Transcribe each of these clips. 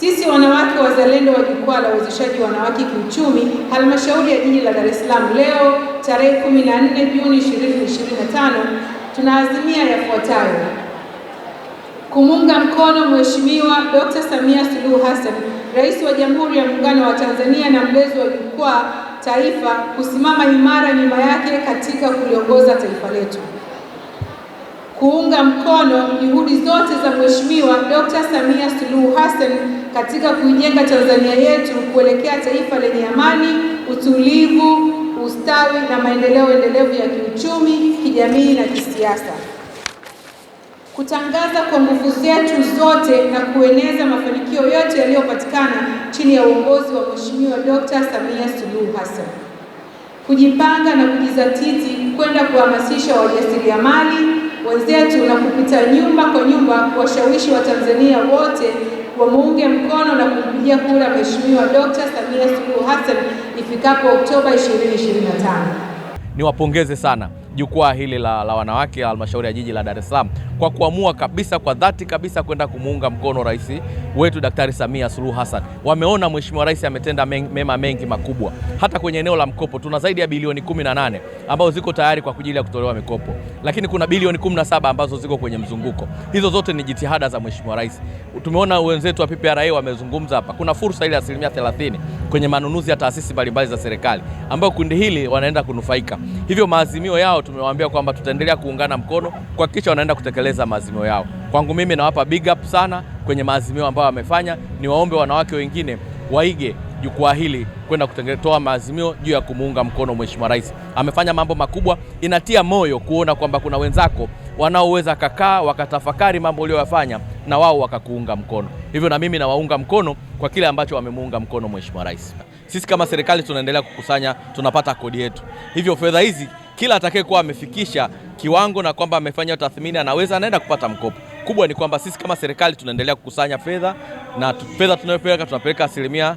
Sisi wanawake wazalendo wa jukwaa la uwezeshaji wanawake kiuchumi halmashauri ya jiji la Dar es Salaam leo tarehe 14 Juni 2025 tunaazimia yafuatayo: kumuunga mkono Mheshimiwa Dr. Samia Suluhu Hassan, Rais wa Jamhuri ya Muungano wa Tanzania na mlezi wa jukwaa taifa, kusimama imara nyuma yake katika kuliongoza taifa letu kuunga mkono juhudi zote za Mheshimiwa Dr. Samia Suluhu Hassan katika kuijenga Tanzania yetu kuelekea taifa lenye amani, utulivu, ustawi na maendeleo endelevu ya kiuchumi, kijamii na kisiasa. Kutangaza kwa nguvu zetu zote na kueneza mafanikio yote yaliyopatikana chini ya uongozi wa Mheshimiwa Dr. Samia Suluhu Hassan. Kujipanga na kujizatiti kwenda kuhamasisha wajasiriamali wenzetu na kupita nyumba kwa nyumba kuwashawishi Watanzania wote wamuunge mkono na kumpigia kura Mheshimiwa Dr. Samia Suluhu Hassan ifikapo Oktoba 2025. Niwapongeze sana jukwaa hili la, la wanawake halmashauri ya jiji la Dar es Salaam kwa kuamua kabisa kwa dhati kabisa kwenda kumuunga mkono rais wetu Daktari Samia Suluhu Hassan. Wameona mheshimiwa rais ametenda men, mema mengi makubwa. Hata kwenye eneo la mkopo tuna zaidi ya bilioni 18 ambazo ziko tayari kwa ajili ya kutolewa mikopo, lakini kuna bilioni 17 ambazo ziko kwenye mzunguko. Hizo zote ni jitihada za mheshimiwa rais. Tumeona wenzetu wa PPRA wamezungumza hapa, kuna fursa ile ya asilimia 30 kwenye manunuzi ya taasisi mbalimbali za serikali ambayo kundi hili wanaenda kunufaika. Hivyo maazimio yao tumewaambia kwamba tutaendelea kuungana mkono kuhakikisha wanaenda kutekeleza kutekeleza maazimio yao. Kwangu mimi nawapa big up sana kwenye maazimio ambayo wamefanya. Ni waombe wanawake wengine waige jukwaa hili kwenda kutoa maazimio juu ya kumuunga mkono Mheshimiwa Rais. Amefanya mambo makubwa, inatia moyo kuona kwamba kuna wenzako wanaoweza kakaa wakatafakari mambo uliyoyafanya na wao wakakuunga mkono. Hivyo na mimi nawaunga mkono kwa kile ambacho wamemuunga mkono Mheshimiwa Rais. Sisi kama serikali tunaendelea kukusanya, tunapata kodi yetu, hivyo fedha hizi kila atakayekuwa amefikisha kiwango na kwamba amefanya tathmini anaweza anaenda kupata mkopo. Kubwa ni kwamba sisi kama serikali tunaendelea kukusanya fedha na fedha tunayopeleka tunapeleka asilimia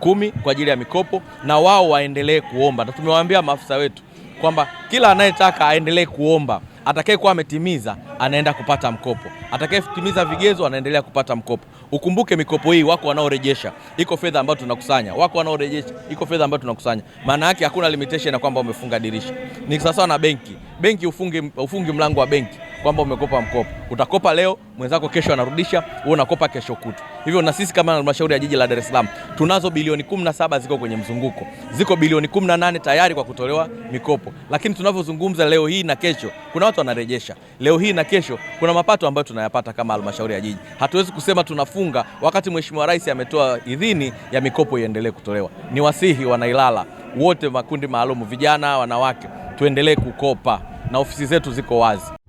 kumi kwa ajili ya mikopo, na wao waendelee kuomba, na tumewaambia maafisa wetu kwamba kila anayetaka aendelee kuomba atakayekuwa ametimiza anaenda kupata mkopo, atakayetimiza vigezo anaendelea kupata mkopo. Ukumbuke mikopo hii, wako wanaorejesha, iko fedha ambayo tunakusanya, wako wanaorejesha, iko fedha ambayo tunakusanya. Maana yake hakuna limitation ya kwamba umefunga dirisha, ni sawasawa na benki. Benki ufungi, ufungi mlango wa benki kwamba umekopa mkopo. Utakopa leo, mwenzako kesho anarudisha, wewe unakopa kesho kutu. Hivyo na sisi kama halmashauri ya jiji la Dar es Salaam tunazo bilioni 17 ziko kwenye mzunguko, ziko bilioni 18 tayari kwa kutolewa mikopo, lakini tunavyozungumza leo hii na kesho kuna watu wanarejesha leo hii na kesho, kuna mapato ambayo tunayapata kama halmashauri ya jiji. Hatuwezi kusema tunafunga wakati Mheshimiwa Rais ametoa idhini ya mikopo iendelee kutolewa. Ni wasihi wanailala wote, makundi maalumu, vijana, wanawake, tuendelee kukopa na ofisi zetu ziko wazi.